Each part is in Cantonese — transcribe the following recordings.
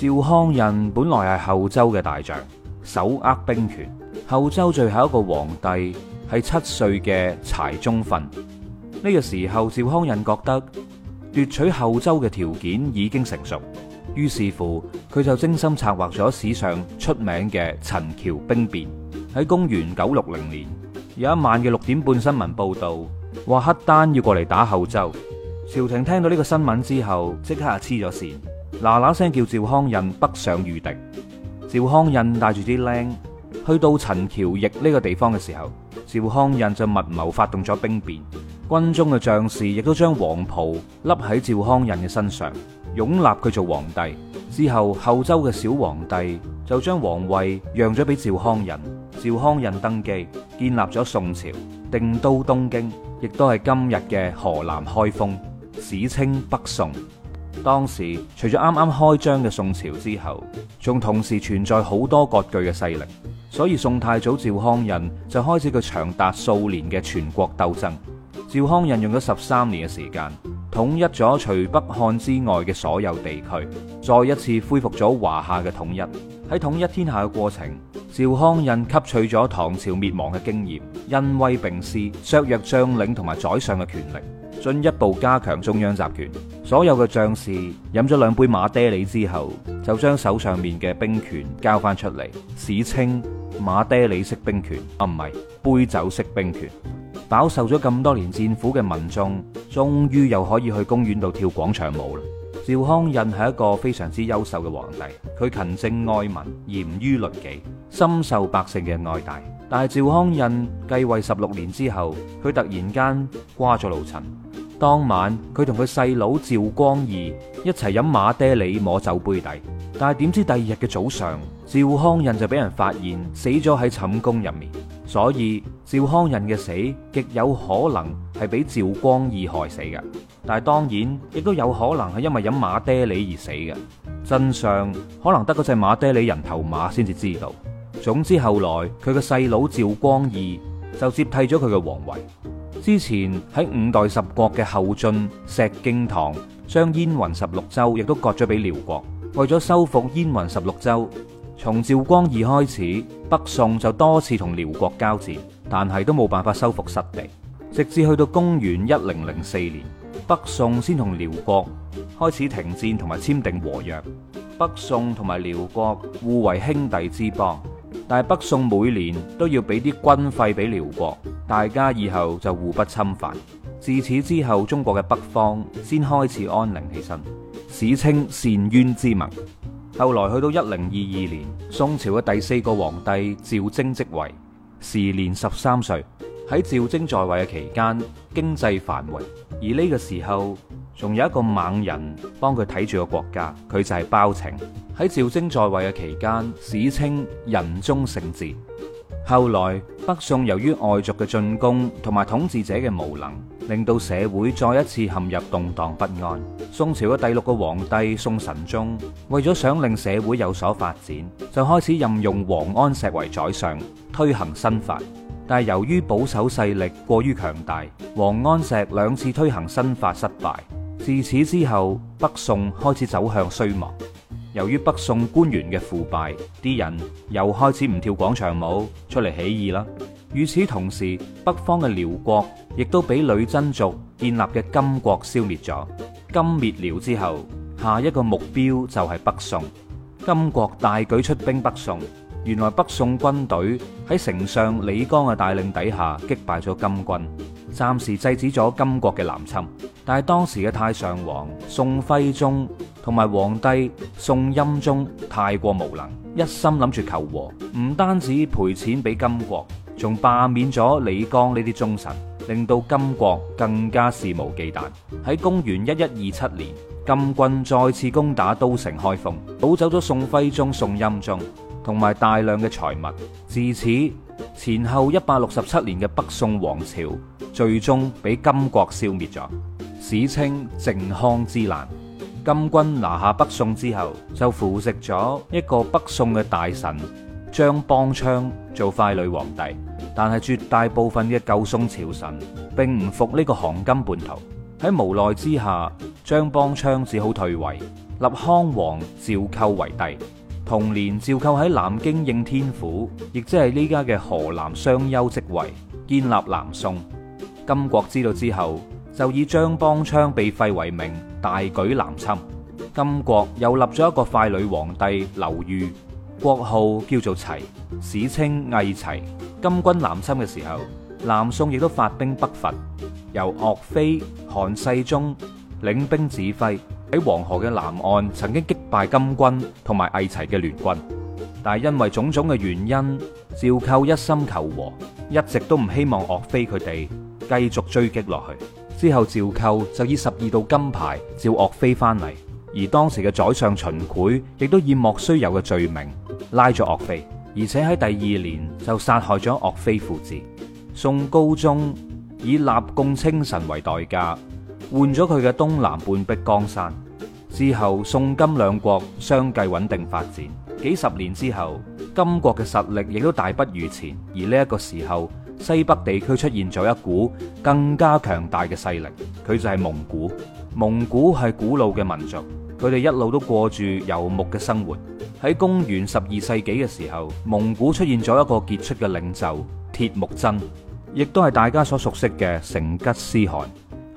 趙匡胤本來係後周嘅大將，手握兵權。後周最後一個皇帝係七歲嘅柴宗訓。呢個時候，趙匡胤覺得奪取後周嘅條件已經成熟，於是乎佢就精心策劃咗史上出名嘅陳橋兵變。喺公元九六零年，有一晚嘅六點半新聞報道，話黑丹要過嚟打後周。朝廷聽到呢個新聞之後，即刻黐咗線。嗱嗱聲叫趙匡胤北上御敵，趙匡胤帶住啲僆去到陳橋驛呢個地方嘅時候，趙匡胤就密謀發動咗兵變，軍中嘅將士亦都將黃袍笠喺趙匡胤嘅身上，擁立佢做皇帝。之後後周嘅小皇帝就將皇位讓咗俾趙匡胤，趙匡胤登基，建立咗宋朝，定都東京，亦都係今日嘅河南開封，史稱北宋。當時除咗啱啱開張嘅宋朝之後，仲同時存在好多割據嘅勢力，所以宋太祖趙匡胤就開始佢長達數年嘅全國鬥爭。趙匡胤用咗十三年嘅時間，統一咗除北漢之外嘅所有地區，再一次恢復咗華夏嘅統一。喺統一天下嘅過程，趙匡胤吸取咗唐朝滅亡嘅經驗，恩威並施，削弱將領同埋宰相嘅權力。進一步加強中央集權，所有嘅將士飲咗兩杯馬爹利之後，就將手上面嘅兵權交翻出嚟，史稱馬爹利式兵權。啊，唔係杯酒式兵權。飽受咗咁多年戰苦嘅民眾，終於又可以去公園度跳廣場舞啦。趙匡胤係一個非常之優秀嘅皇帝，佢勤政愛民，嚴於律己，深受百姓嘅愛戴。但係趙匡胤繼位十六年之後，佢突然間瓜咗老襯。當晚佢同佢細佬趙光義一齊飲馬爹利摸酒杯底，但係點知第二日嘅早上，趙匡胤，就俾人發現死咗喺寢宮入面，所以趙匡胤嘅死極有可能係俾趙光義害死嘅，但係當然亦都有可能係因為飲馬爹利而死嘅，真相可能得嗰隻馬爹利人頭馬先至知道。總之後來佢嘅細佬趙光義就接替咗佢嘅皇位。之前喺五代十國嘅後晉石敬瑭，將燕雲十六州亦都割咗俾遼國，為咗收復燕雲十六州，從趙光義開始，北宋就多次同遼國交戰，但係都冇辦法收復失地，直至去到公元一零零四年，北宋先同遼國開始停戰同埋簽訂和約，北宋同埋遼國互為兄弟之邦。但係北宋每年都要俾啲軍費俾遼國，大家以後就互不侵犯。自此之後，中國嘅北方先開始安寧起身，史稱“澶淵之盟”。後來去到一零二二年，宋朝嘅第四個皇帝趙禎即位，時年十三歲。喺趙禎在位嘅期間，經濟繁榮，而呢個時候仲有一個猛人幫佢睇住個國家，佢就係包拯。喺趙禎在位嘅期間，史稱仁宗盛治。後來北宋由於外族嘅進攻同埋統治者嘅無能，令到社會再一次陷入動蕩不安。宋朝嘅第六個皇帝宋神宗，為咗想令社會有所發展，就開始任用王安石為宰相，推行新法。但係由於保守勢力過於強大，王安石兩次推行新法失敗。自此之後，北宋開始走向衰亡。由於北宋官員嘅腐敗，啲人又開始唔跳廣場舞，出嚟起義啦。與此同時，北方嘅遼國亦都俾女真族建立嘅金國消滅咗。金滅遼之後，下一個目標就係北宋。金國大舉出兵北宋。原來北宋軍隊喺丞相李綱嘅帶領底下擊敗咗金軍，暫時制止咗金國嘅南侵。但係當時嘅太上皇宋徽宗同埋皇帝宋欽宗太過無能，一心諗住求和，唔單止賠錢俾金國，仲罷免咗李綱呢啲忠臣，令到金國更加肆無忌憚。喺公元一一二七年，金軍再次攻打都城開封，擄走咗宋徽宗、宋欽宗。同埋大量嘅財物，自此前後一百六十七年嘅北宋王朝，最終俾金國消滅咗，史稱靖康之難。金軍拿下北宋之後，就扶植咗一個北宋嘅大臣張邦昌做傀儡皇帝，但係絕大部分嘅舊宋朝臣，並唔服呢個降金叛徒。喺無奈之下，張邦昌只好退位，立康王趙構為帝。同年，趙構喺南京應天府，亦即係呢家嘅河南商丘即位，建立南宋。金國知道之後，就以張邦昌被廢為名，大舉南侵。金國又立咗一個傀儡皇帝劉豫，國號叫做齊，史稱偽齊。金軍南侵嘅時候，南宋亦都發兵北伐，由岳飛、韓世忠領兵指揮。喺黃河嘅南岸，曾經擊敗金軍同埋魏齊嘅聯軍，但係因為種種嘅原因，趙構一心求和，一直都唔希望岳飛佢哋繼續追擊落去。之後趙構就以十二道金牌召岳飛翻嚟，而當時嘅宰相秦檜亦都以莫須有嘅罪名拉咗岳飛，而且喺第二年就殺害咗岳飛父子。宋高宗以立共稱臣為代價。換咗佢嘅東南半壁江山之後，宋金兩國相繼穩定發展。幾十年之後，金國嘅實力亦都大不如前。而呢一個時候，西北地區出現咗一股更加強大嘅勢力，佢就係蒙古。蒙古係古老嘅民族，佢哋一路都過住游牧嘅生活。喺公元十二世紀嘅時候，蒙古出現咗一個傑出嘅領袖鐵木真，亦都係大家所熟悉嘅成吉思汗。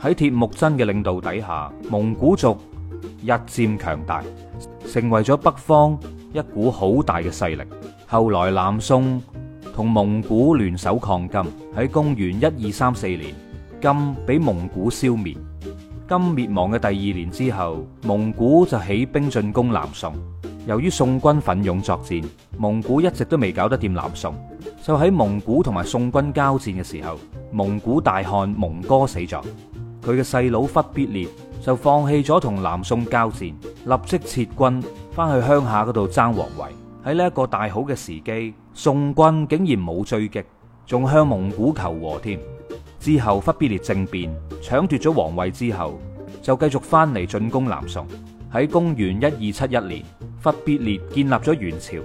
喺鐵木真嘅領導底下，蒙古族日漸強大，成為咗北方一股好大嘅勢力。後來南宋同蒙古聯手抗金，喺公元一二三四年，金俾蒙古消滅。金滅亡嘅第二年之後，蒙古就起兵進攻南宋。由於宋軍奮勇作戰，蒙古一直都未搞得掂南宋。就喺蒙古同埋宋軍交戰嘅時候，蒙古大汗蒙哥死咗。佢嘅細佬忽必烈就放棄咗同南宋交戰，立即撤軍翻去鄉下嗰度爭皇位。喺呢一個大好嘅時機，宋軍竟然冇追擊，仲向蒙古求和添。之後忽必烈政變搶奪咗皇位之後，就繼續翻嚟進攻南宋。喺公元一二七一年，忽必烈建立咗元朝。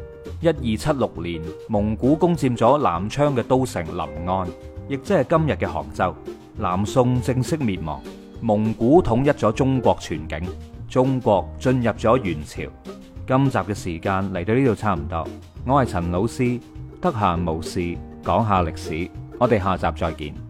一二七六年，蒙古攻佔咗南昌嘅都城臨安，亦即係今日嘅杭州。南宋正式滅亡，蒙古統一咗中國全境，中國進入咗元朝。今集嘅時間嚟到呢度差唔多，我係陳老師，得閒無事講下歷史，我哋下集再見。